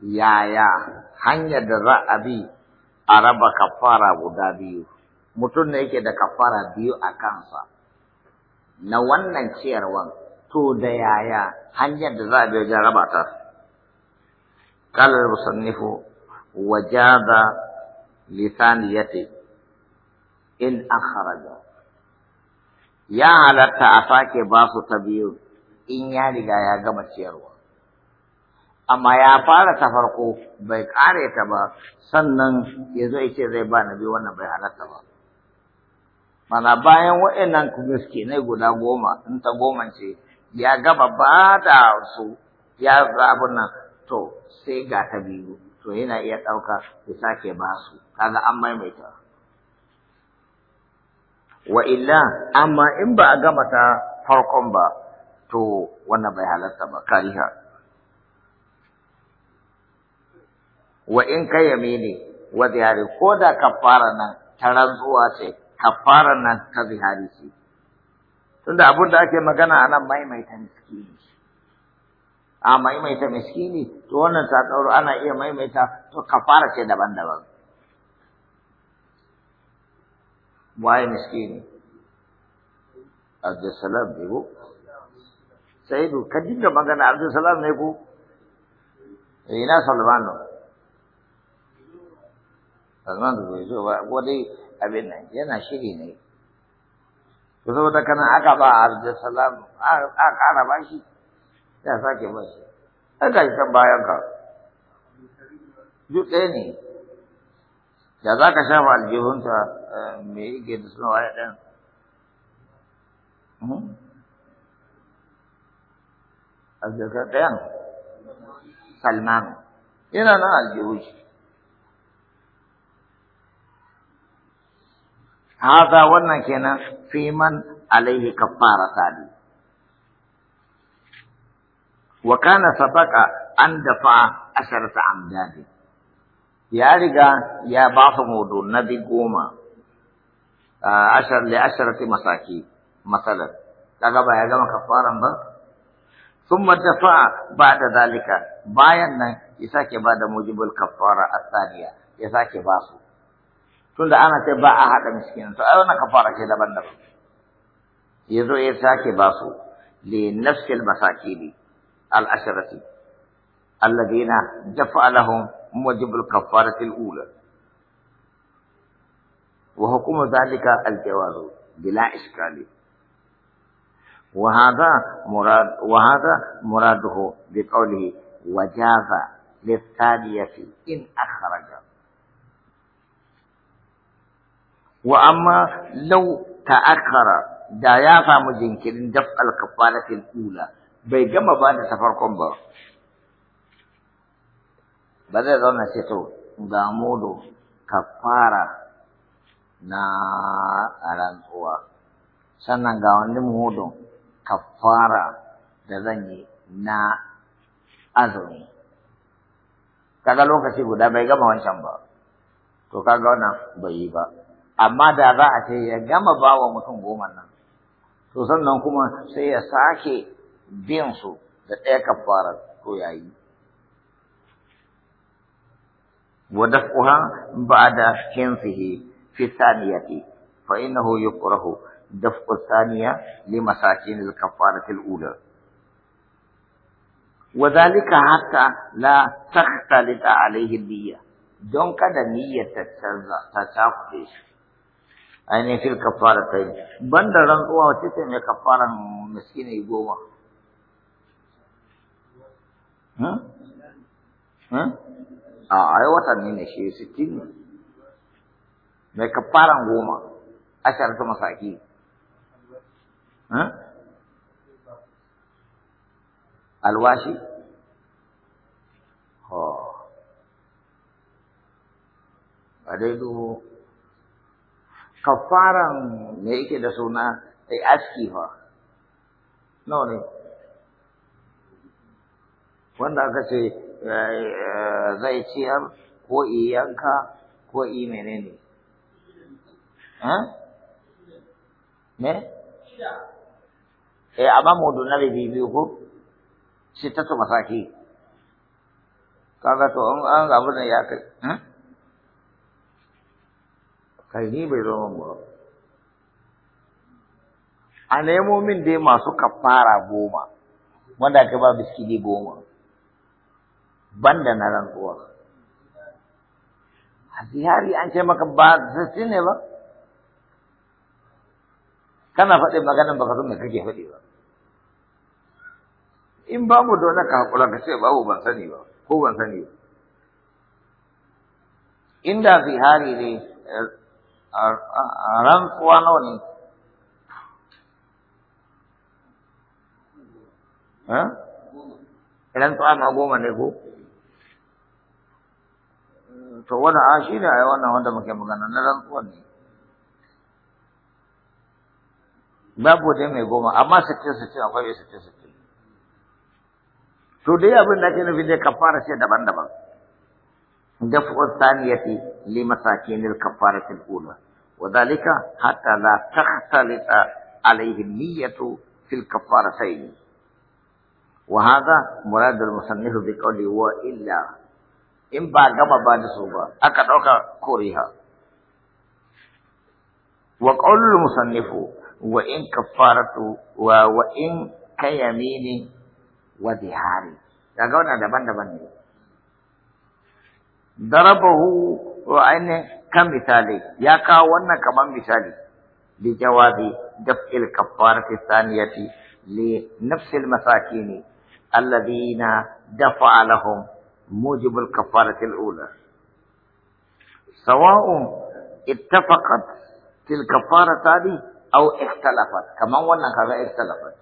yaya hanyar da za a bi a raba kafara guda biyu mutum ne yake da kafara biyu a kansa na wannan ciyarwan to da yaya hanyar da za a bi wajen raba ta da da وجاب ce in akharaja ya halatta a sake ba su ta biyu in ya riga ya gama ciyarwa amma ya fara ta farko bai kare ta ba sannan ya zo ce zai ba na biyu wannan bai halatta ba mana bayan wa'annan miskinai guda goma in ta goma ce ya gama ba da su ya abin nan to sai ga ta biyu to yana iya ɗauka ya sake ba su kaga an maimaita wa illa amma in ba a gama ta farkon ba to wannan bai halarta ba kariha wa in ka yamini wa zihari ko da kafara nan ta rantsuwa ce kafara nan ta zihari ce tunda abin da ake magana a nan maimaita miskini a maimaita miskini to wannan ta ɗauro ana iya maimaita to kafara ce daban-daban waye miskini Abdulsalam bai Saidu ka dinga magana Abdul Salam ne ko eh, ina Salmanu Salman da zai zo ba ko dai abin nan yana shiri ne to saboda kana aka ba Abdul Salam a ƙara ba shi ya sake ba shi aka yi can bayan ka duk ne da za ka shafa aljihunta eh, me yake da suna waya ɗan hmm? الجزائريان سلمان إلى أنا الجيوش هذا ونكنا في من عليه كفارة علي وكان سبق أن دفع أسرة عمداد يا رجا يا بعض مودو نبي قوما أشر آه، لأشرة مساكين مثلا لقد بقى كفارا بقى ثم دفع بعد ذلك باين نه يساكي بعد موجب الكفارة الثانية يساكي باسو تقول ده أنا تباع أحد مسكين تقول أنا كفارة كده بندر يزو يساكي باسو لنفس المساكين العشرة الذين دفع لهم موجب الكفارة الأولى وحكم ذلك الجواز بلا إشكال وهذا مراد وهذا مراده بقوله وجاز للثانية إن أخرج وأما لو تأخر دايافا مجنكر دفع الكفارة الأولى بيجمع بعد سفر قنبر بدأ ظن سيتو دامودو كفارة نا أرانتوا سنة ga wani kaffara da zan yi na azumi kaga lokaci guda bai gama wancan ba to kaga wannan bai yi ba amma da za a ce ya gama ba wa mutum goma nan to sannan kuma sai ya sake biyan su da ɗaya kafara to ya yi ودفعها بعد حنصه في الثانية فإنه يكره دفع الثانية لمساكين الكفارة الأولى وذلك حتى لا تختلط عليه النية دون كذا نية تتشافش أين في الكفارتين بند رنقوا وتتم كفارة مسكين يقوم ها؟ ها؟ آه, آه، أيوة تنين شيء ستين ما كفارة قوما أشرة مساكين alwashi ho a dai duhu kafaran me yake da suna ai aski fa No ne wanda aka ce eh, zai ciyar ko iyanka ko i menene eh me e amma mudunare biyu ko sittatu masaki kaga to an an abu ne ya kai hmm? kai ni bai zo mun ba a nemo min dai masu kafara goma wanda aka ba biskidi goma banda na rantsuwa a ziyari an ce maka ba zai ne ba kana faɗin maganan baka san me kake faɗi ba in mu da wani kakula ka ce babu ban sani ba ko ban sani ba inda hari ne a rantsuwa nawa ne rantsuwa ma goma ne ko to wani a shi ne a yi wannan wanda muke magana na rantsuwa ne babu dai mai goma amma sittin sittin akwai mai sittin sittin to dai abin da ake nufi dai kafara ce daban-daban دفع الثانية لمساكين الكفارة الأولى وذلك حتى لا تختلط عليه النية في الكفارتين وهذا مراد المصنف بقوله وإلا إن باقب بعد صوبة أكد أكا كوريها وقول المصنف وإن كفارة وإن كيمين ودهار يقولون هذا بند بند ضربه وأن كم مثالي يا كاونا كمان مثالي لجواب دفع الكفارة الثانية لنفس المساكين الذين دفع لهم موجب الكفارة الأولى سواء اتفقت في الكفارة هذه أو اختلفت كما وانا كذا اختلفت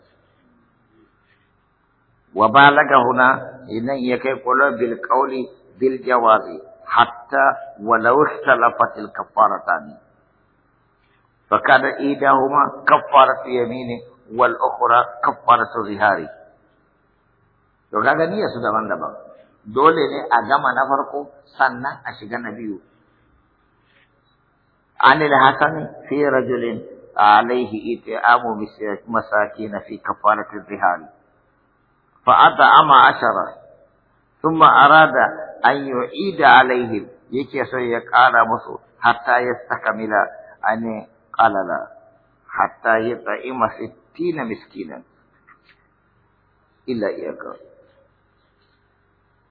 وبالغ هنا إن يكون بالقول بالجواز حتى ولو اختلفت الكفارتان فكان إيداهما كفارة يمين والأخرى كفارة ظهار وكذا نية سدبان دبان دولة أجمع نفرقه سنة أشياء نبيه عن الحسن في رجل عليه إطعام مساكين في كفارة الرهان أما عشرة ثم أراد أن يعيد عليهم يكي سيك على مصر حتى يستكمل أن قال لا حتى يطعم ستين مسكينا إلا إياك